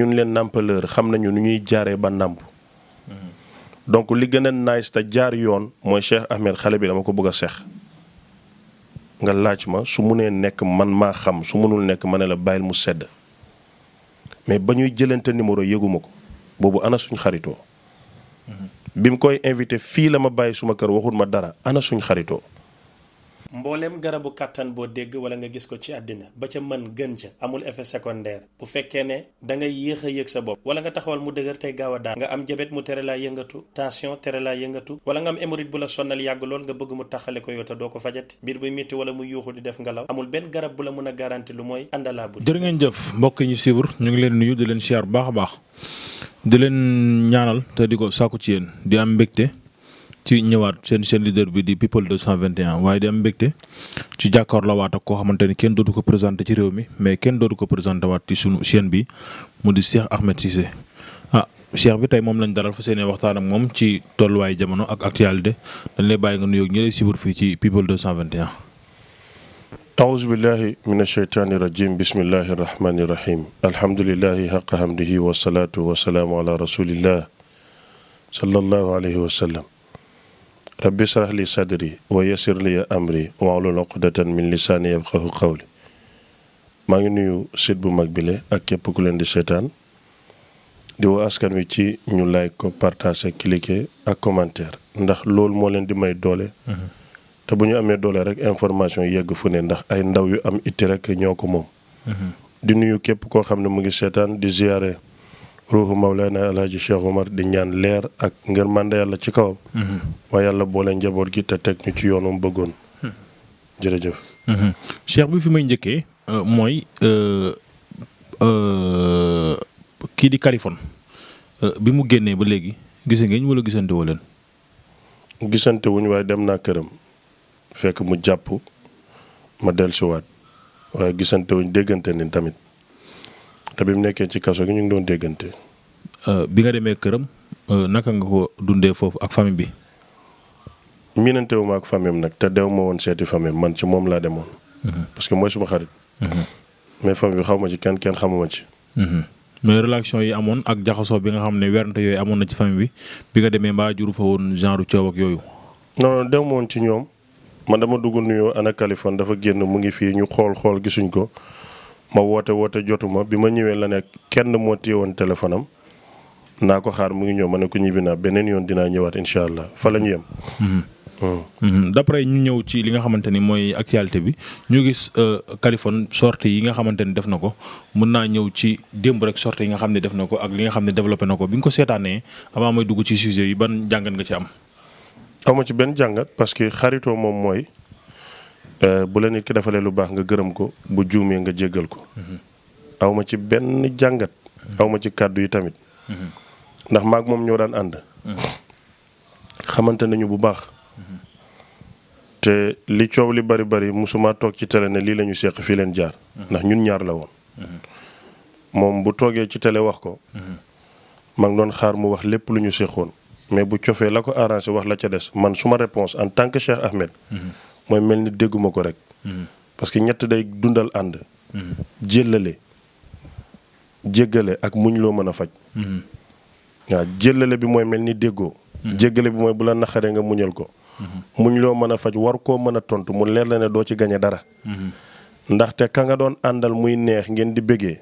ñun leen nampaleur xam nañu nu ñuy jaaree ba nàmp donc li gën a nice te jaar yoon mooy Cheikh Ahmed xale bi dama ko bëgg a seex nga laaj ma su munee nekk man maa xam su mënul nekk ma ne la bàyyil mu sedd mais ba ñuy jëlante numéro yëguma ko boobu ana suñ xaritoo mhm. bi mu koy invité fii la ma bàyyi suma kër waxul ma dara ana suñ xaritoo mbooleem garabu kàttan boo dégg wala nga gis ko ci àddina ba ca man gën ca amul effet secondaire bu fekkee ne da nga yéex a yëg sa bopp wala nga taxawal mu dëgër tey gaaw a daan nga am jabet mu tere laa yëngatu tension tere laa yëngatu wala nga am hémorroïde bu la sonnal yàgg lool nga bëgg mu taxale ko yow te doo ko fajat biir buy métti wala mu yuuxu di def ngelaw amul benn garab bu la mën a garanti lu mooy àndalaa bu jërë ngeen jëf mbokk yi ñu suivre ñu ngi leen nuyu di leen siyaar baax a baax di leen ñaanal te di ko sàkku ci yéen di am mbégte ci ñëwaat seen seen leader bi di people 221 waaye di am mbégte ci jàkkaarloo waat ak koo xamante ni kenn dootu ko présenté ci réew mi mais kenn dootu ko présenté waat ci sunu chaîne bi mu di Cheikh Ahmed Cissé ah Cheikh bi tey moom lañ dalal fa seen waxtaan ak moom ci tolluwaayu jamono ak actualité dañ lay bàyyi nga nuyoog ñu lay sibur fii ci people 221. أعوذ بالله من الشيطان الرجيم بسم الله الرحمن الرحيم الحمد لله حق حمده والصلاة والسلام على رسول الله صلى الله عليه وسلم rabbi shrah li sadri wa yassir li amri de uqdatan min lisaani yafqahu qawli maa ngi nuyu site bu mag bile ak képp ku leen di seetaan di woo askan wi ci ñu like ko partager cliquer ak commentaire ndax loolu moo leen di may doole mhm. te bu ñu amee doole rek information yegg fu ne ndax ay ndaw yu am itti rek ñoo ko moom mhm. di nuyu képp koo xam ne mu ngi seetaan di ziyaare ruuxu mawlaana alhaji Cheikh Omar di ñaan leer ak ngir mànda yàlla ci kawam mm-hmm. waaye yàlla boole njaboot gi te teg ñu ci yoonum bëggoon mm-hmm. jërëjëf mm-hmm. bi fi may njëkkee euh, mooy euh, euh, kii di Kaliphone bi mu génnee ba léegi gise ngeen wala gisante leen gisante waaye dem naa këram fekk mu jàpp ma dellusiwaat waaye gisante déggante ni tamit te bi mu nekkee ci kaso yi ñu ngi doon déggante. Euh, bi nga demee këram euh, naka nga ko dundee foofu ak famille bi. miinante wu ak famille am nag te dew ma woon seeti famille man ci moom laa demoon. Mhm. parce que mooy suma xarit. Mhm. mais famille bi xaw ma ci kenn kenn xamuma ci. Mhm. mais relation yi amoon ak jaxasoo bi nga xam ne werante yooyu amoon na ci famille bi bi nga demee mbaa juru fa woon genre coow yooyu. non non dew ma woon ci ñoom man dama dugg nuyoo ana Kaliphone dafa génn mu ngi fii ñu xool xool gisuñ ko. ma woote woote jotuma bi ma ñëwee la ne kenn moo téye woon téléphone am naa ko xaar mu ngi ñëw ma ne ko ñibbi naa beneen yoon dinaa ñëwaat incha allah fa la ñu yem. Mm-hmm. Mm-hmm. Mm-hmm. d'après ñu ñëw ci li nga xamante ni mooy actualité bi ñu gis Kaliphone euh, sortie yi nga xamante ni def na ko mën naa ñëw ci démb rek sortie yi nga xam ne def na ko ak li nga xam ne développé na ko bi nga ko seetaanee amaa may dugg ci sujet yi ban jàngat nga ci am. amu ci benn jàngat parce que xaritoo moom mooy. Euh, bu la nit ki defalee lu baax nga gërëm ko bu juumee nga jéggal ko mm-hmm. aw ma ci benn jàngat mm-hmm. aw ma ci kàddu yi tamit mm-hmm. ndax maak moom ñoo daan ànd xamante ñu bu baax te li coow li bari bari musuma toog ci télé ne lii la ñu seq fii leen jaar ndax ñun ñaar la woon moom bu toogee ci tele wax ko ma noon xaar mu wax lépp lu ñu seqoon mais bu cofee la ko arrangé wax la ca des man suma réponse en tant que Cheikh Ahmed mooy mel ni dégguma ko rek. Mm-hmm. parce que ñett day dundal ànd. Mm-hmm. jëllale jéggale ak muñ loo mën a faj. Mm-hmm. waaw jëllale bi mooy mel ni déggoo. jéggale bi mooy bu la naqaree nga muñal ko. muñ loo mën a faj war koo mën a tontu mu leer la ne doo ci gañe dara. ndaxte ka nga doon àndal muy neex ngeen di bëggee.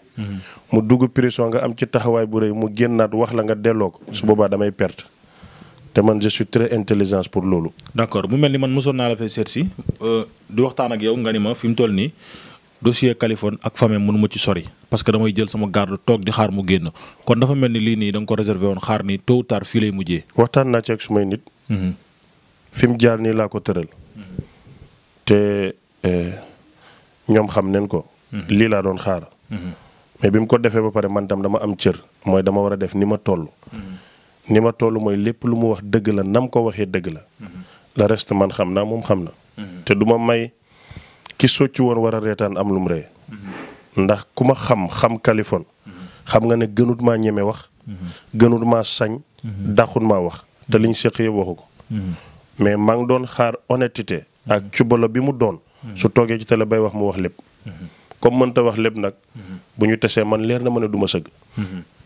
mu dugg prison nga am ci taxawaay bu rëy mu génnaat wax la nga delloo ko su boobaa damay perte. te man je suis très intelligent pour loolu. d' mu mel ni man mosoon naa la fee seet si euh, di waxtaan ak yow nga ni ma fi mu toll nii dossier Kaliphone ak famille mënu ma ci sori parce que damay jël sama garde toog di xaar mu génn kon dafa mel ni lii nii danga ko réservé woon xaar ni tôt ou tard fii lay mujjee. waxtaan naa ci sumay nit. Mhm. fi mu jaar nii laa ko tëral. Mhm. te euh, ñoom xam neen ko. Mhm. lii laa doon xaar. mais bi mu ko defee ba pare man tam dama am cër mooy dama war a def ni ma toll. ni ma toll mooy lépp lu mu wax dëgg la nam ko waxee dëgg la. Mm-hmm. le reste man xam naa moom xam na. Mm-hmm. te duma may ki soccu woon war a reetaan am lu mu ree mm-hmm. ndax ku ma xam xam kalifon xam nga ne gënut maa ñeme wax. gënut maa sañ. dàqut maa wax te liñ séq yëpp waxu ko. mais maa ngi doon xaar honnêteté. ak cubalo bi mu doon. su toogee ci télé bay wax mu wax lépp. comme mënta wax lépp nag. bu ñu tesee man leer na ma ne duma sëgg.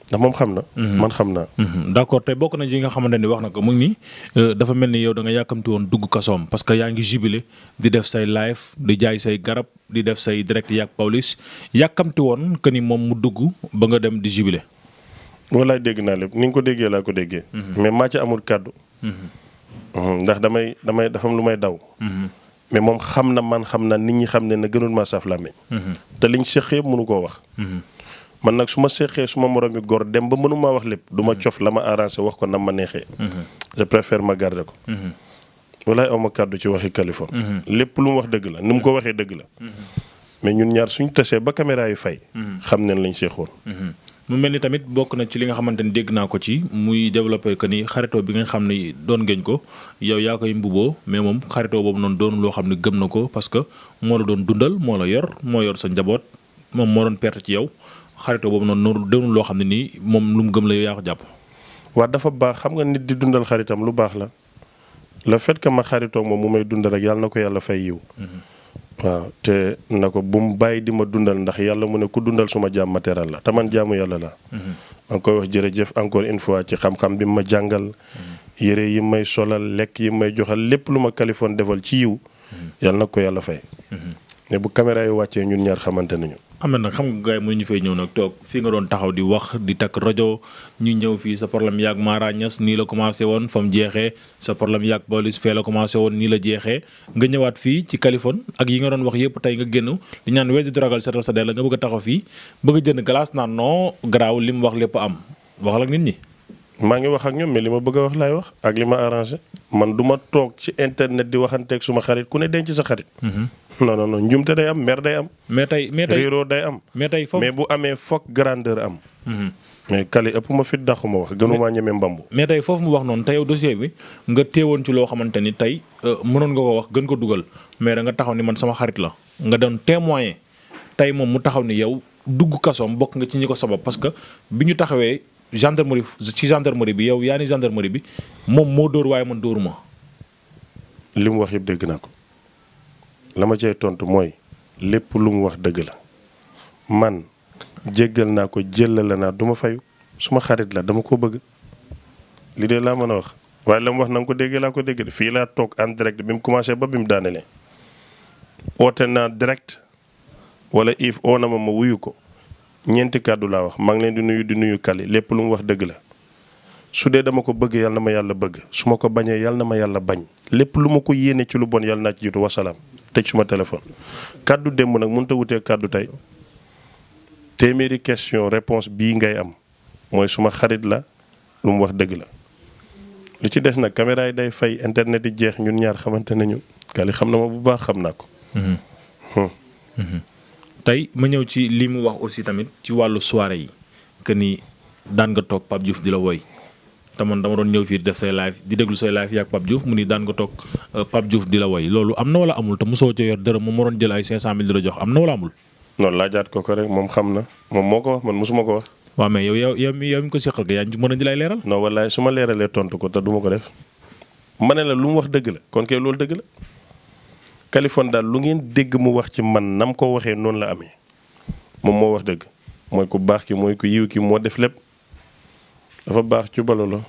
ndax moom xam na. Mhm. man xam naa. Mhm. d' accord tey bokk na ci nga xamante ni wax na ko mu nii euh, dafa mel ni yow da nga yàkkamti woon dugg kasoom parce que yaa ngi jubilé di def say live di jaay say garab di def say direct yàgg Pawlish yàkkamti woon que ni moom mu dugg ba nga dem di jubilé. walaay dégg naa lépp ni nga ko déggee laa ko déggee. Mhm. mais maa ci amul kàddu. ndax damay damay dafa am lu may daw. mais moom xam na man xam na nit ñi xam ne na gënul ma saaf làmmiñ. te liñ séq yëpp koo wax. man nag su ma seexee suma ma moromi góor dem ba mënu maa wax lépp duma ma mm-hmm. cof la ma arrangé wax ko nam ma neexee. Mm-hmm. je préfère ma garder ko. Mm-hmm. walaay aw ma kàddu ci waxi Kaliphone. lépp lu mu wax dëgg la nu mu ko waxee dëgg la. mais ñun ñaar suñ tasee ba caméra yu fay. xam nañ lañ seexoon. mu mel ni tamit bokk na ci li nga xamante ni dégg naa ko ci muy développé que ni xaritoo bi nga xam ne doon ngeen ko yow yaa koy mbuboo mais moom xaritoo boobu noonu doonu loo xam ne gëm na ko parce que moo la doon dundal moo la yor moo yor sa njaboot moom moo doon perte ci yow xaritoo boobu noonu noonu déwénu loo xam ne nii moom lu mu gëm la yow yaa ko jàpp. waa dafa baax xam nga nit di dundal xaritam lu baax la le fait que ma xaritoo moom mu may dundal rek yàlla na ko yàlla fay yiw mm-hmm. na ko bu mu bàyyi di ma dundal ndax yàlla mu ne ku dundal suma jaam ma la te man jaamu yàlla la mm-hmm. maa jërëjëf encore une fois ci xam-xam bi ma jàngal mm-hmm. yére yi may solal lekk yi may joxal lépp lu ma Kaliphone defal ci yiw yàlla na ko yàlla fay ne bu caméra wàccee ñun ñaar xamante nañu Ahmed nag xam nga gars yi mënuñu fay ñëw nag toog fii nga doon taxaw di wax di takk rajo ñu ñëw fii sa problème yàgg Mara Niass nii la commencé woon fa mu jeexee sa problème yàgg Pawlish fee la commencé woon nii la jeexee nga ñëwaat fii ci Kaliphone ak yi nga doon wax yëpp tey nga génn li ñaan weesu di ragal setal sa dell la nga bëgg a taxaw fii bëgg a jënd glace naan noo garaaw li mu wax lépp am wax ak nit ñi. maa ngi wax ak ñoom mais li ma bëgg a wax laay wax ak li ma arrangé man duma ma toog ci internet di waxanteeg suma xarit ku ne denc sa xarit. Mhm. non non non njumte day am mer day am. mais tey mais tey day am. mais tey foofu bu amee foog grandeur am. Mhm. mais kali ëpp ma fit dàqu ma wax gënu maa ñeme mbambu. mais tey foofu mu wax noonu te yow dossier bi nga teewoon ci loo xamante ni tey euh, mënoon nga ko wax gën dugal mais da nga taxaw ni man sama xarit la nga doon témoigner tey moom mu taxaw ni yow dugg kasoom bokk nga ci ñi ko sabab parce que bi ñu taxawee gendarmerie ci gendarmerie bi yow yaa ni gendarmerie bi moom moo dóor waaye man dóoruma. li mu wax yëpp dégg naa ko la ma cee tontu mooy lépp lu mu wax dëgg la man jéggal naa ko jëllale naa du ma fayu suma xarit la dama ko bëgg li de laa mën a wax waaye la mu wax na ko déggee laa ko dégg fii laa toog en direct bi mu commencé ba bi mu daaneele oote naa direct wala if oo na ma ma wuyu ko ñeenti kàddu laa wax maa leen di nuyu di nuyu Kali lépp lu mu wax dëgg la su dee dama ko bëgg yàlla na ma yàlla bëgg su ma ko bañee yàlla na ma yàlla bañ lépp lu ma ko yéene ci lu bon yàlla naa ci jiitu wasalaam tëj suma téléphone. kàddu démb nag mënut a wutee kàddu tey téeméeri question réponse bii ngay am mooy suma xarit la lu mu wax dëgg la lu ci des nag caméra yi day fay internet yi jeex ñun ñaar xamante nañu Kali xam na ma bu baax xam naa ko. Mm-hmm. Hmm. Mm-hmm. tey ma ñëw ci lii mu wax aussi tamit ci wàllu soirée yi que ni daan nga toog Pape Diouf di la woy te man dama doon ñëw fii di def say live di déglu say live yaag Pape Diouf mu ni daan nga toog euh, Pape Diouf di la woy loolu am na wala amul te mosoo cee yor dërëm mu waroon jël ay 500000 di la jox am na wala amul. noonu laajaat ko ko rek moom xam na moom moo ko wax man mosuma ko wax. waaw mais yow yow yow yow mi ko seqal yaa a di ma leeralee tontu ko te du ma ko def ma ne la lu mu wax dëgg la kon loolu dëgg la. Kaliphone daal lu ngeen dégg mu wax ci man nam ko waxee noonu la amee moom moo wax dëgg mooy ku baax ki mooy ku yiw ki moo def lépp dafa baax ci balo la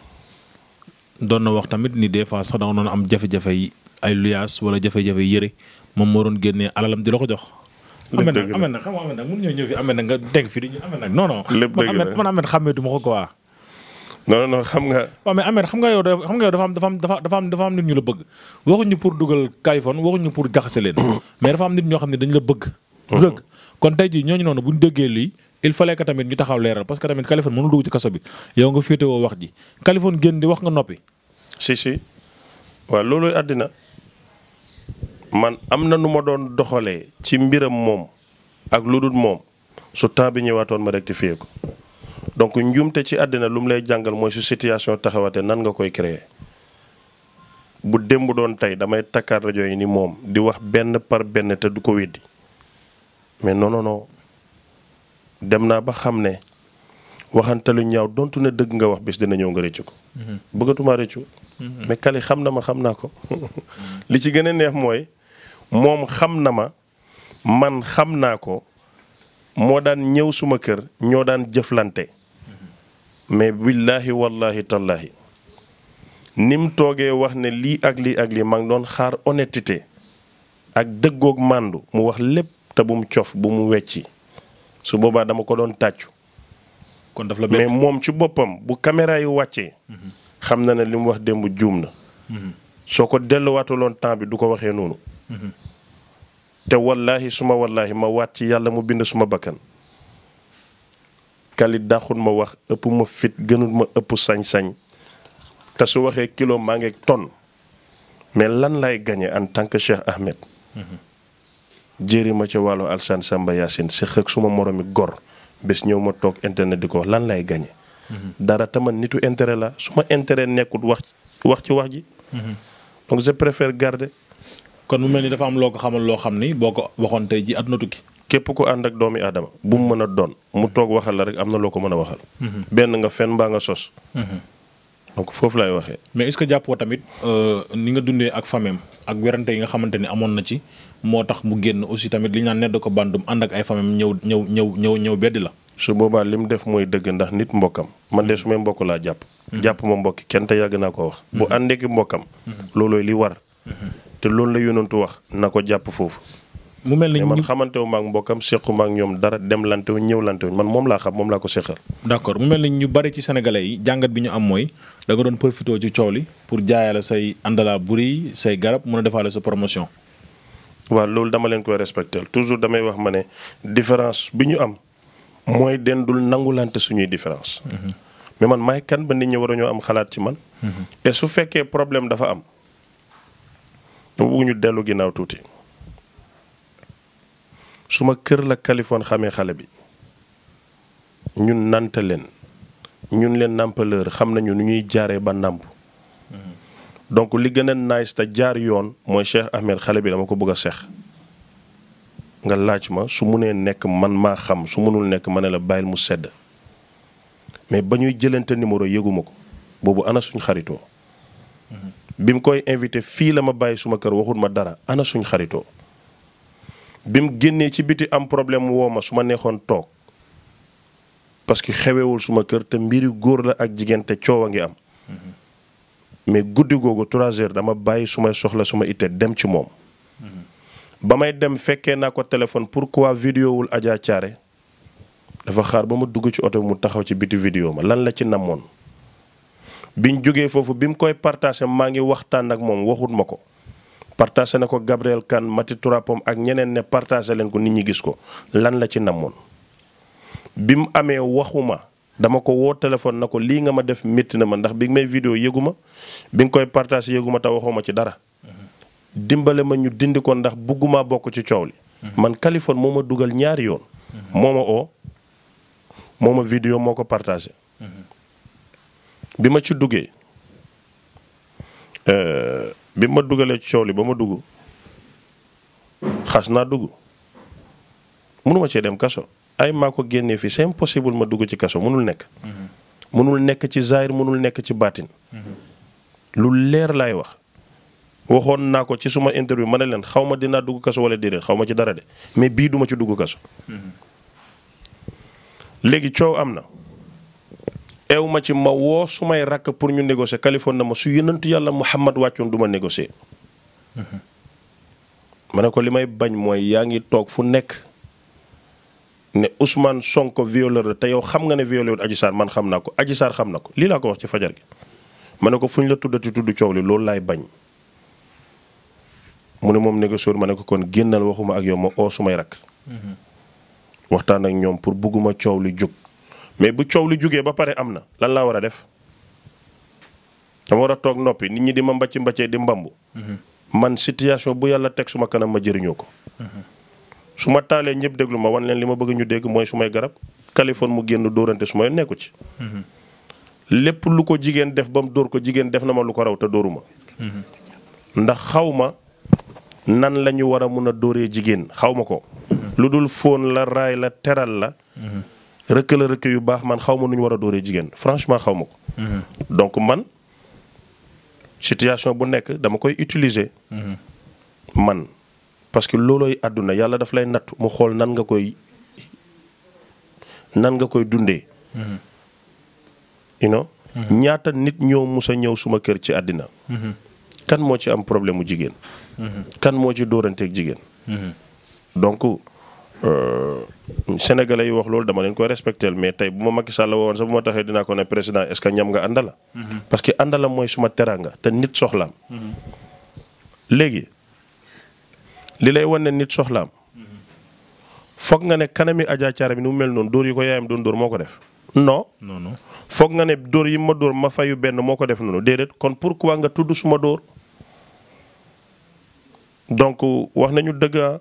doon na wax tamit ni des fois sax da nga doon am jafe-jafe yi ay luyaas wala jafe-jafe yëre moom moo doon génnee alalam di la ko jox. lépp dëgg la amee nag amee xam nga amee nag mënuñoo ñëw fi amee nag nga dégg fi di ñu amee nag non lépp dëgg la man amee xàmmeetuma ko quoi. non non xam nga. waaw mais Ameth xam nga yow xam nga yow dafa am dafa am dafa am dafa am nit ñu la bëgg waxuñu pour dugal Kaliphone waxuñu pour jaxase leen. mais dafa am nit ñoo xam ne dañu la bëgg. du uh-huh. dëgg kon tey jii ñooñu noonu bu ñu déggee lii il fallait que tamit ñu taxaw leeral parce que tamit Kaliphone mënul dugg ci kaso bi yow nga féetewoo wax ji Kaliphone génn di wax nga noppi. si si loolu àddina man am na nu ma doon doxalee ci mbiram moom ak lu dul moom su bi ñëwaatoon ma rectifier ko. donc njuumte ci àddina lum lay jàngal mooy su situation taxawate nan nga koy créer bu démb doon tey damay takkaat rajo yi ni moom di wax benn par benn te du ko weddi mais non non dem naa ba xam ne waxante lu ñaaw dontu ne dëgg nga wax bis dina ñëw nga rëccu ko. Mhm. bëggatumaa rëccu. Mhm. mais xam na ma xam naa ko. Mhm. li ci gën a neex mooy moom xam na ma man xam naa ko moo daan ñëw suma kër ñoo daan jëflante. mais billaahi wallaahi tallaahi ni mu toogee wax ne lii ak lii ak lii maa ngi xaar onetité ak dëggook màndu mu wax lépp te bum mu cof bu mu wecci su boobaa dama ko doon tàccu. kon daf la mais moom ci boppam bu caméra yi wàccee. Mhm. xam na ne li mu wax démb juum na. Mhm. soo ko delluwaatuloon temps bi du ko waxee noonu. Mhm. te wallaahi suma wallaahi ma waat ci yàlla mu bind suma bakkan. kalit dàqul ma wax ëpp ma fit gënul ma ëpp sañ-sañ te su waxee kilo maa ngi tonne mais lan laay gañe en tant que Cheikh Ahmed. Mhm. jéeri ma ca wàllu Alsane Samba Yacine si xëg suma moromi gor bés ñëw ma toog internet di ko wax lan lay gagné. Mhm. dara tama nitu intérêt la suma ma intérêt nekkul wax wax ci wax ji. Mhm. donc je préfère garder. kon mu mel ni dafa am loo ko xamal loo xam ni boo ko waxoon tey ji at tukki képp ku ànd ak doomi aadama bu mu mën a doon mu toog waxal la rek am na loo ko mën a waxal. Mhm. benn nga fen mbaa nga sos. Mhm. donc foofu lay waxee. mais est-ce jàppoo tamit euh, ni nga dundee ak famem ak werante yi nga xamante ni amoon na ci moo tax mu génn aussi tamit li ñu naan nedd ko bandum ànd ak ay famem ñëw ñëw ñëw ñëw ñëw beddi la. su boobaa li mu def mooy dëgg ndax nit mbokkam man de mhm. su may mbokk laa jàpp. jàpp ma mbokk kenn te yàgg naa koo wax. bu àndeeki mbokkam. loolooy li war. te loolu la yonantu wax na ko jàpp foofu. mu mel ni man xamante wu ma ak mbokkam sequ ak ñoom dara dem lante ñëw lante wu man moom laa xam moom laa ko seqal. d'accord mu mel ni ñu bari ci sénégalais yi jàngat bi ñu am mooy da nga doon profité ci coow li pour jaayala say àndala buri say garab mën a defaale sa promotion. waaw loolu dama leen koy respecté toujours damay wax ma ne différence bi ñu am mooy dendul nangulante suñuy différence. Mhm. mais man may kan ba nit ñi waruñoo am xalaat ci man. Mhm. et su fekkee problème dafa am. bu ñu dellu ginnaaw tuuti. suma kër la Kaliphone xamee xale bi ñun nante leen ñun leen nampaleur xam nañu nu ñuy jaaree ba nàmp donc li gën a nice te jaar yoon mooy Cheikh Ahmed xale bi dama ko bëgg a seex nga laaj ma su munee nekk man maa xam su mënul nekk ma ne la bàyyil mu sedd mais ba ñuy jëlante numéro yëguma ko boobu ana suñ xaritoo mhm. bi mu koy invité fii la ma bàyyi suma kër waxul ma dara ana suñ xaritoo bi mu génnee ci biti am problème woo ma su ma neexoon toog parce que xewewul suma kër te mbiri góor la ak jigéen te coow a ngi am mais guddi googu trois heures dama bàyyi sumay soxla suma itte dem ci moom ba may dem fekkee naa ko téléphone pourquoi vidéo wul ajaa caare dafa xaar ba ma dugg ci oto mu taxaw ci biti vidéo ma lan la ci namoon ñu jógee foofu bi mu koy partagé maa ngi waxtaan ak moom waxut ma ko partagé na ko Gabriel Kane Mati Tourapom ak ñeneen ne partagé leen ko nit ñi gis ko lan la ci namoon bi mu amee waxuma dama ko woo téléphone na ko lii nga ma def métti na ma ndax bi may vidéo yëgu ma bi nga koy partagé yëgu ma te waxuma ci dara dimbale ma ñu dindi ko ndax bëgguma bokk ci coow li. man Kaliphone moo ma dugal ñaari yoon. moo ma oo moo ma vidéo moo ko partagé. Mmh. bi ma ci duggee. Euh, bi ma dugalee ci coow li ba ma dugg xas naa dugg mënuma cee dem kaso ay maa ko génnee fii c'est impossible ma dugg ci kaso mënul nekk. Mm-hmm. mënul nekk ci zaahir mënul nekk ci baatin. Mm-hmm. lu leer laay wax. waxoon naa ko ci suma interview ma ne leen xaw ma dinaa dugg kaso wala déedéet xaw ma ci dara de mais bii duma ci dugg kaso. Mm-hmm. léegi coow am na. eew ma ci ma woo su may rakk pour ñu négocier Californie na ma su yónnantu yàlla Muhammad wàccoon du ma négocier. ma ne ko li may bañ mooy yaa ngi toog fu nekk ne Ousmane Sonko violeur la te yow xam nga ne violé wul Adji man xam naa ko Adji Sarr xam na ko lii laa ko wax ci fajar gi. ma ne ko fu ñu la tuddati tudd coow li loolu laay bañ mu ne moom négocier ma ne ko kon génnal waxuma ak yow ma oo su may rakk. Mm-hmm. waxtaan ak ñoom pour bugguma coow li jóg. mais bu coow lu jógee ba pare am na lan laa war a def dama war a toog noppi nit ñi di ma mbàcc mbàccee di mbambu. Mhm. man situation bu yàlla teg suma kanam jëriñoo ko. Mhm. su ma taalee ñëpp déglu ma wan leen li ma bëgg ñu dégg mooy sumay garab Californie mu génn dóorante su nekku ci. Mhm. lépp lu ko jigéen def ba mu dóor ko jigéen def na ma lu ko raw te dóoruma. ndax xaw ma nan la ñu war a mun a dóoree jigéen xaw ma ko. lu dul fóon la raay la teral la. rëkk la rëkk yu baax man xaw ma nu ñu war a dóoree jigéen franchement xaw ma ko. Mhm. donc man situation bu nekk dama koy utiliser. Mhm. man parce que loolooy àdduna yàlla daf lay natt mu xool nan nga koy nan nga koy dundee. Mhm. you ñaata nit ñoo musa ñëw suma kër ci àddina. kan moo ci am problème mu jigéen. kan moo ci dóoranteeg jigéen. Euh, sénégalais yu wax loolu dama leen koy respecté mais tey bu ma Macky Sall woon sax bu ma taxee dina ko ne président est-ce que ñam nga àndala mhm. parce que àndala mooy suma teraanga te nit soxlaam. Mhm. léegi li lay wan ne nit soxlaam. Mhm. foog nga ne kanami Adja Thiaré bi nu mu mel noonu dóor yi ko yaayam doon dóor moo ko def. non non foog nga ne dóor yi ma dóor ma fayu benn moo ko def noonu déedéet kon pourquoi nga tudd suma dóor donc wax nañu dëgg ah.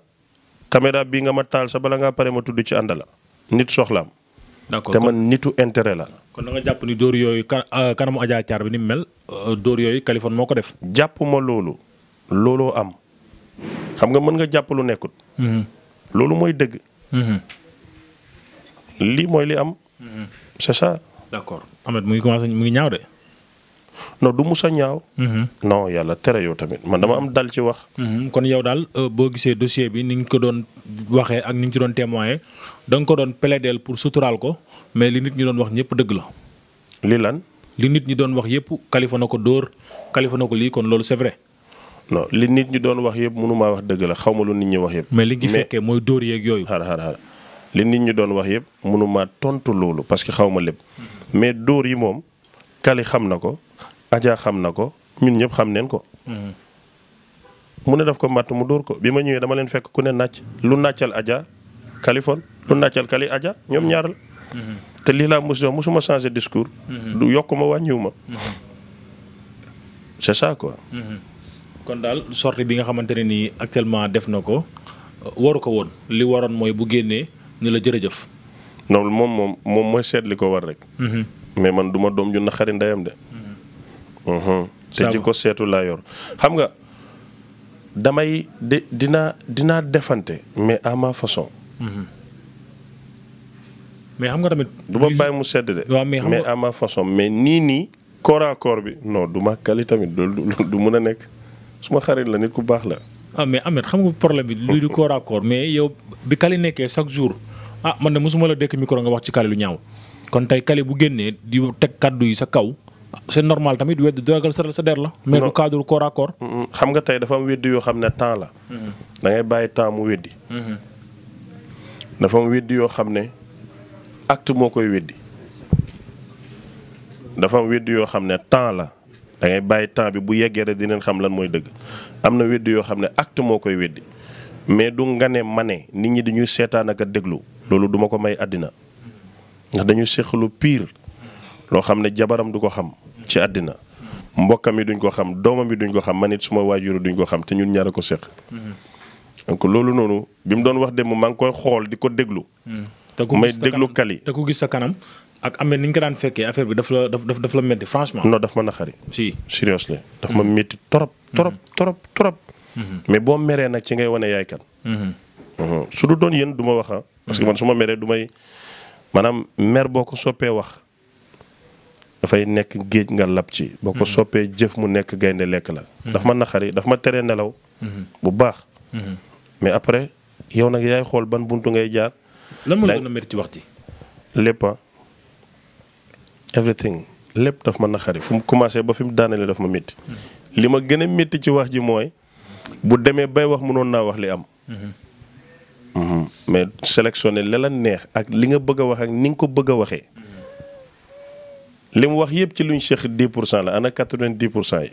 caméra bii nga ma taal sa bala ngaa pare ma tudd ci àndala nit soxlaam. d'accord te man nitu intérêt la. kon na nga jàpp ni dóor yooyu euh, kanamu Adja Thiar bi ni mel euh, dóor yooyu Kaliphone moo ko def. jàpp ma loolu looloo am xam nga mën nga jàpp lu nekkut. Mm-hmm. loolu mooy dëgg. Mm-hmm. lii mooy li am. Mm-hmm. c'est ça. d'accord Ahmed mu ngi commencé mu ngi ñaaw de. non du musa ñaaw. Mhm. non yàlla tere yow tamit man dama am dal ci wax. Mhm. kon yow daal euh, boo gisee dossier bi ni nga ko doon waxee ak ni ñu ci doon témoigner da nga ko doon plaider pour suturaal ko mais li ñi doon wax ñëpp dëgg la. li lan. li nit ñi doon wax yëpp Kaliphone na ko dóor Kaliphone ko lii kon loolu c'est vrai. li nit ñi doon wax yëpp mënumaa wax dëgg la xaw ma lu nit ñi wax mais li ngi fekkee mooy dóor yeeg yooyu. nit ñi doon wax yëpp mënumaa tontu loolu parce que xaw ma lépp mhm. mais dóor yi moom. Kali xam na ko Adja xam na ko ñun ñëpp xam neen ko. Mm-hmm. mu ne daf ko màtt mu dóor ko bi ma ñëwee dama leen fekk ku ne nàcc lu nàccal Adja Kalifon lu nàccal Kali Adja ñoom ñaar mm-hmm. te lii laa mos wax mosuma changer discours. Mm-hmm. du yokk ma wàññiwu ma. c'est ça quoi. kon daal sortie bi nga xamante ne nii actuellement def na ko waru ko woon li waroon mooy bu génnee ni la jërëjëf. noonu moom moom moom mooy seet li ko war rek. Mhm. mais man du ma doom ju naqari ndeyam de. Mhm. Mhm. te ko seetu laa yor xam nga damay de dinaa defante mais à ma mais xam nga tamit. du ma bàyyi mu sedd de. mais à façon mais nii nii. corps à bi non du ma kali tamit loolu du mën a nekk suma xarit la nit ku baax la. ah mais Ameth xam nga problème bi. luy du corps à mais yow bi kali nekkee chaque jour. ah man na mosuma la dékk micro nga wax ci Kali lu ñaaw kon tey Kali bu génnee di teg kàddu yi sa kaw c'est normal tamit wedd dogal sa sa der la. mais du cadre corps à corps. xam nga tey dafa am weddi yoo xam ne temps la. Mm-hmm. da ngay bàyyi temps mu weddi. Mm-hmm. dafa am yoo xam ne acte moo koy weddi. dafa am yoo xam ne temps la da bàyyi temps bi bu yeggee rek dinañ xam lan mooy dëgg am na weddi yoo xam ne acte moo koy weddi mais du nga ne ma ne nit ñi di ñuy seetaan ak a déglu. loolu duma ko may àddina ndax dañu séq lu pire loo xam ne jabaram du ko xam ci àddina mbokkam yi duñ ko xam doomam yi duñ ko xam man it suma waajur duñ ko xam te ñun ñaar a ko séq donc loolu noonu bi mu doon wax dem maa ngi koy xool di ko déglu. te ku may déglu kali te ku gis sa kanam ak amee ni ko daan fekkee affaire bi daf la daf daf la métti franchement. non daf ma naxari. si sérieux daf ma métti mm-hmm. trop trop mm-hmm. trop trop. Mm-hmm. mais boo meree nag ci ngay wane yaay kan. su du doon yéen du wax ah. parce que man su ma meree du may maanaam mer boo ko soppee wax dafay nekk géej nga lab ci. boo ko hmm. soppee jëf mu nekk gaynde lekk la. man na naqari daf ma teree nelaw. Hmm. bu baax. Hmm. mais après yow nag yaay xool ban buntu ngay jaar. lan la gën a métti ci wax ji. lépp ah. everything lépp daf ma naqari fu mu commencé ba fi mu daanelee daf ma métti. li ma gën a métti ci wax ji mooy bu demee bay wax mënoon naa wax li am. Mhm. mais sélectionné lalan neex ak li nga bëgg a wax ak ni nga ko bëgg a waxee. li mu wax yëpp ci luñ seq 10 pour cent la ana 90 pour cent yi.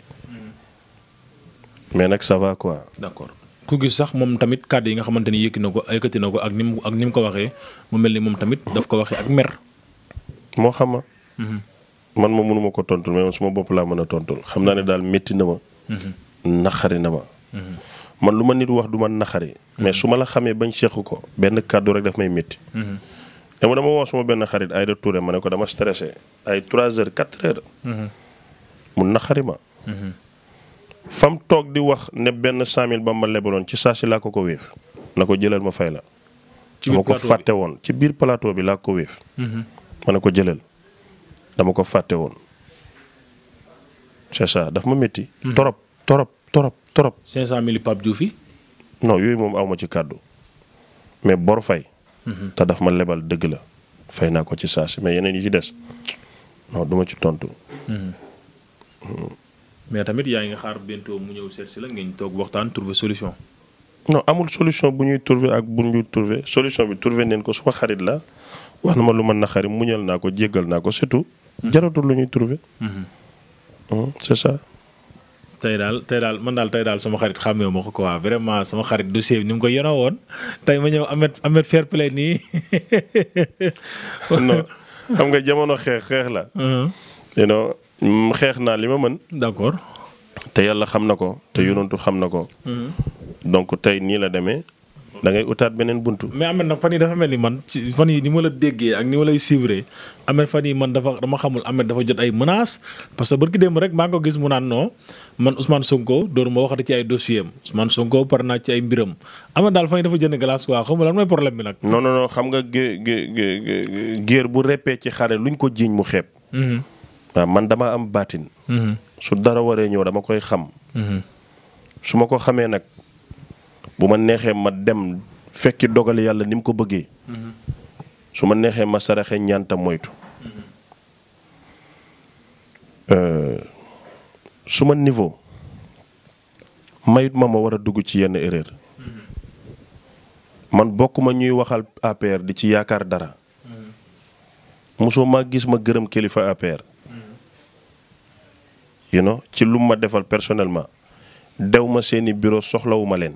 mais nag ça va quoi. d'accord ku gis sax moom tamit kàddu yi nga xamante ni yëkki na ko yëkkati na ko ak ni mu ak ni mu ko waxee mu mel ni moom tamit. Mhm. daf ko waxee ak mer. moo xam ma mhm. man ma mënuma ko tontul mais man suma bopp laa mën a tontul xam naa ne daal métti na ma. naxari na ma. man lu ma nit wax du ma naxari. Mm-hmm. mais su ma la xamee bañ seq ko benn kàddu rek daf may métti. dama mm-hmm. dama woo suma benn xarit Aïda Touré ma ne ko dama stressé ay 3 heures 4 heures. Mm-hmm. mu naxari ma. fam toog di wax ne benn 100000 ba ma lebaloon ci saa si laa ko ko wéef na ko jëlal ma fay la. ci ma ko fàtte woon ci biir plateau bi laa ko wéef. ma ko jëlal dama ko fàtte woon. c'est ça daf ma métti. torop torop torop. trop 500000 Pape Diouf yi. non yooyu moom awma ci kàddu mais bor fay. Mhm. te daf ma lebal dëgg la fay naa ko ci saa si mais yeneen yi ci des non duma ci tontu. Mhm. Mm. mais tamit yaa ngi xaar bientôt mu ñëw seet si la ngeen toog waxtaan trouver solution. non amul solution bu ñuy trouver ak bu ñuy trouver solution bi trouver neen ko suma xarit la wax na ma lu ma naqari muñal naa ko jéggal naa ko surtout. Mhm. jaratul lu ñuy trouver. Mm, c'est ça. tey daal tey daal man daal tey daal sama xarit xam xàmmee ma ko quoi vraiment sama xarit dossier bi ni mu ko yónnee woon tey ma ñëw amet amet fair play nii. non xam nga jamono xeex xeex la. Uh-huh. Mm, xeex naa li ma mën. d'accord. te yàlla xam na ko te uh-huh. yonantu xam na ko. Uh-huh. donc tey nii la demee. da ngay utaat beneen buntu. mais Ameth nag fan yii dafa mel ni man ci fan yii ni ma la déggee ak ni ma lay suivre Ameth fan yii man dafa dama xamul Ameth dafa jot ay menaces parce que barki démb rek maa ngi gis mu naan non man Ousmane Sonko dooru ma waxati ci ay dossier am Ousmane Sonko pare naa ci ay mbiram Ameth daal fan yii dafa jënd glace quoi xam xam nga géer bu rëppee ci xare luñ ko jiiñ mu xeeb. Mm-hmm. waaw man dama am baatin. Mm-hmm. su dara waree ñëw dama koy xam. Mm-hmm. su ma ko xamee nag. bu ma neexee ma dem fekki dogal yàlla ni mu ko bëggee mm-hmm. su ma neexee ma saraxe ñaanta moytu mm-hmm. euh, suma niveau mayut ma ma war a dugg ci yenn erreur mm-hmm. man bokk ma ñuy waxal APR di ci yaakaar dara mosoo maa gis ma gërëm kilifa APR you ci lu ma defal personnellement dew ma seeni bureau soxlawuma leen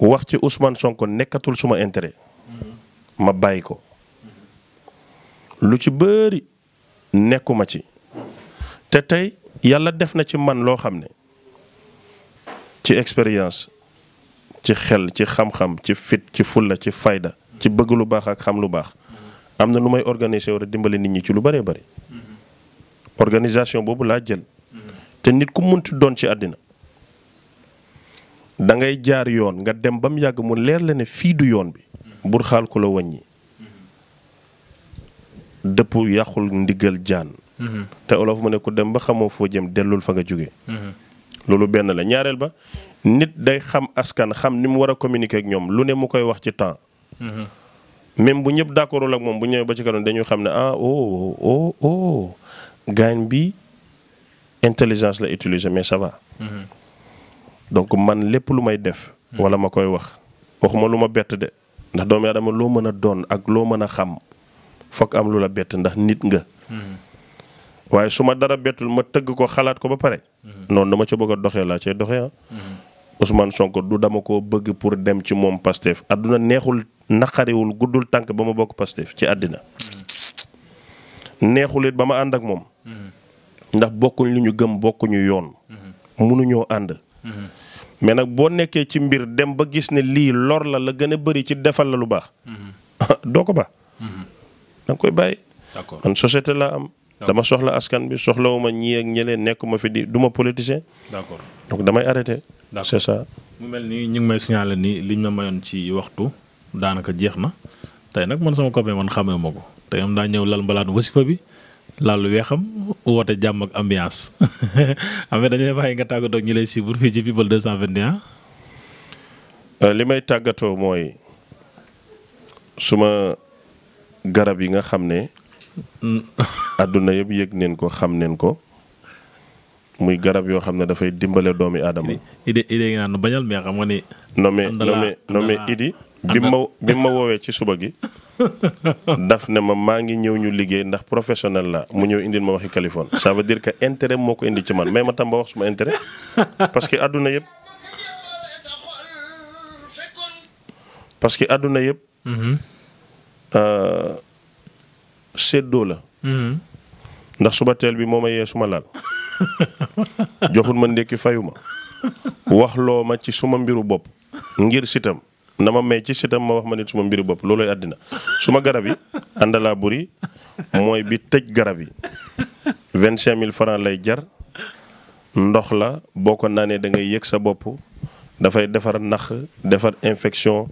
wax ci Ousmane Sonko nekkatul suma intérêt mm-hmm. ma bàyyi ko lu ci bëri nekkuma ci te tey yàlla def na ci man loo xam ne ci expérience ci xel ci xam-xam ci fit ci fulla ci fayda ci bëgg lu baax ak xam lu baax am na lu may organiser war a dimbali nit ñi ci lu bëree bëri mm-hmm. organisation boobu laa jël mm-hmm. te nit ku munti doon ci àddina da ngay jaar yoon nga dem ba mu yàgg mu leer la ne fii du yoon bi. bur xaal ku la wàññi. dëpp yàqul ndigal jaan. Mhm. te olof mu ne ku dem ba xamoo foo jëm dellul fa nga jóge loolu benn la ñaareel ba nit day xam askan xam ni mu war a communiquer ak ñoom lu ne mu koy wax ci temps. Mhm. même bu ñëpp d'accordul ak moom bu ñëwee ba ci kanam dañuy xam ne ah oh oh, oh, oh. gaañ bi intelligence la utiliser mais ça donc man lépp lu may def. Hmm. wala ma koy wax waxuma lu ma bett de ndax doomu dama loo mën a doon ak loo mën a xam foog am lu la bett ndax nit nga. Hmm. waaye su ma dara bettul ma tëgg ko xalaat ko ba pare. Hmm. noonu dama ca bëgg a doxe laa cay doxe ah. Ousmane Sonko du dama ko bëgg pour dem ci moom Pastef àdduna neexul naqariwul guddul tànk ba ma bokk Pastef ci àddina. neexul it ba ma ànd ak moom. ndax bokkuñ li ñu gëm bokkuñu yoon. munuñoo ànd. mais nag boo nekkee ci mbir dem ba gis ne lii lor la la gën a bëri ci defal la lu baax. doo ko baax. da koy bàyyi. d'accord man societé laa am. dama soxla askan bi soxlawuma ñii ak ñële nekkuma fi di duma politicien. d'accord donc damay arrêté. c'est ça. mu mel ni ñu ngi may signaler nii liñ ma mayoon ci waxtu daanaka jeex na tey nag man sama copain man xamee ma ko te am daa ñëw lal mbalaanu wasifa bi. lalu weexam woote jàmm ak ambiance amee dañu lay bàyyi nga tàggatoo ñi lay suivre fii ci People 221. Euh, li may tàggatoo mooy suma garab yi nga xam ne. àdduna yëpp yëg neen ko xam neen ko muy garab yoo xam ne dafay dimbale doomi aadama. Idi Idi nga naan bañal mais xam nga ni. andala andala non mais bi ma bi ma woowee ci suba gi. daf ne ma maa ngi ñëw ñu liggéey ndax professionnel la mu ñëw indil ma waxi Kaliphone ça veut dire que intérêt moo ko indi ci man mais ma tam ba wax suma intérêt parce que àdduna yëpp parce que àdduna yëpp mhm. euh, séddoo la mhm. ndax suba teel bi moo ma yee suma laal joxul ma ndékki fayu ma waxloo ma ci suma mbiru bopp ngir sitam na ma may ci sitam ma wax ma nit suma mbiru bopp loolooy àddina suma garab yi àndalaa buri mooy bi tëj garab yi vingt cinq mille franc lay jar ndox la boo ko naanee dangay yëg sa bopp dafay defar nax defar infection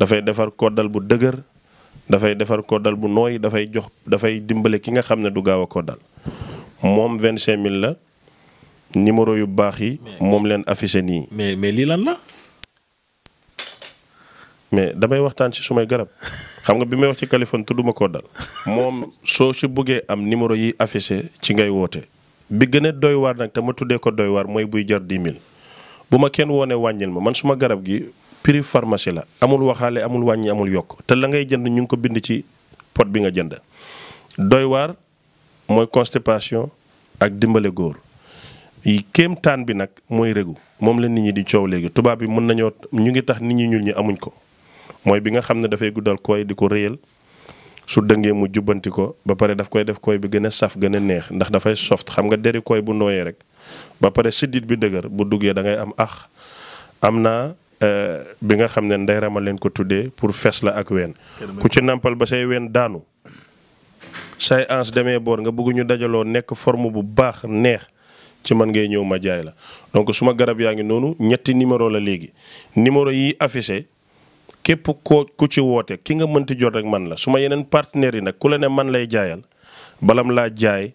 dafay defar koddal bu dëgër dafay defar koddal bu nooy dafay jox dafay dimbale ki nga xam ne du gaaw a koddal moom vingt cinq mille la numéro yu baax yi moom leen affiché nii mais damay waxtaan si sumay garab xam nga bi may wax ci Kaliphone tudduma koo dal moom soo si bëggee am numéro yi affiché ci ngay woote bi gëna a doy waar nag te ma tuddee ko doy waar mooy buy jar 10 000 bu ma kenn woonee wàññil ma man suma garab gi prix pharmacie la amul waxaale amul wàññi amul yokk te la ngay jënd ñu ngi ko bind ci pot bi nga jënd doy waar mooy constipation ak dimbale góor yi kéemtaan bi nag mooy régu moom la nit ñi di coow léegi tubaab bi mën nañoo ñu ngi tax nit ñi ñuul ñi amuñ ko mooy bi nga xam ne dafay guddal kooy di ko réyal su dëngee mu jubbanti ko ba pare daf koy def kooy bi gën a saf gën a neex ndax dafay soft xam nga deri kooy bu nooyee rek ba pare siddit bi dëgër bu duggee da ngay am ax am naa euh, bi nga xam ne ndey rama leen ko tuddee pour fees la ak ween ku ci nàmpal ba say ween daanu say ans demee boor nga bëggu ñu dajaloo nekk forme bu baax neex ci man ngay ñëw ma jaay la donc suma garab yaa ngi noonu ñetti numéro la léegi numéro yi affiché képp koo ku ci woote ki nga mënti jot rek man la su yeneen partenaires yi nag ku la ne man lay jaayal balam laa jaay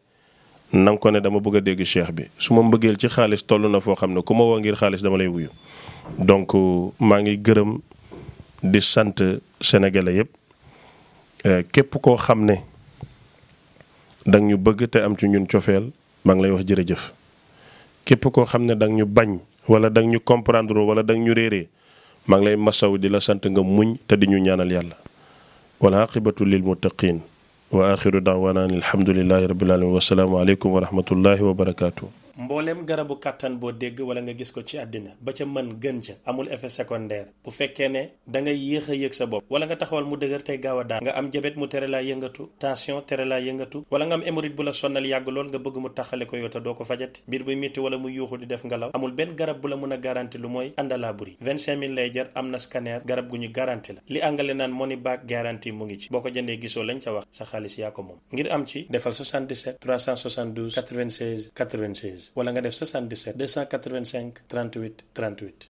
na ko ne dama bëgg a dégg cheikh bi su ma mbëggeel ci xaalis toll na foo xam ne ku ma woo ngir xaalis dama lay wuyu. donc maa ngi gërëm di sant sénégalais yëpp euh, képp koo xam ne dang ñu bëgg te am ci ñun cofeel maa ngi lay wax jërëjëf képp koo xam ne dang ñu bañ wala dang ñu comprendre wala dang ñu réere maa ngi lay masaw di la sant nga muñ te di ñu ñaanal yàlla wal aqibatu lil muttaqin wa axiru daawaana an alhamdulilahi rabbil alamin wasalaamu aleykum wa rahmatullahi wa barakaatu mbooleem garabu kàttan boo dégg wala nga gis ko ci àddina ba ca mën gën ca amul effet secondaire bu fekkee ne da ngay yéex a yëg sa bopp wala nga taxawal mu dëgër tey gaaw a daan nga am jabet mu tere laa yëngatu tension tere wala nga am hémorroïde bu la sonnal yàgg lool nga bëgg mu taxale ko yow te doo ko fajat biir buy métti wala mu yuuxu di def ngelaw amul benn garab bu la mën a garanti lu mooy àndalaa buri 25000 lay jar am na scanner garab gu ñu garanti la li angale naan money back guarantee mu ngi ci boo ko jëndee gisoo lañ ca wax sa xaalis yaa ko moom ngir am ci defal wala nga def 77 285 38 38.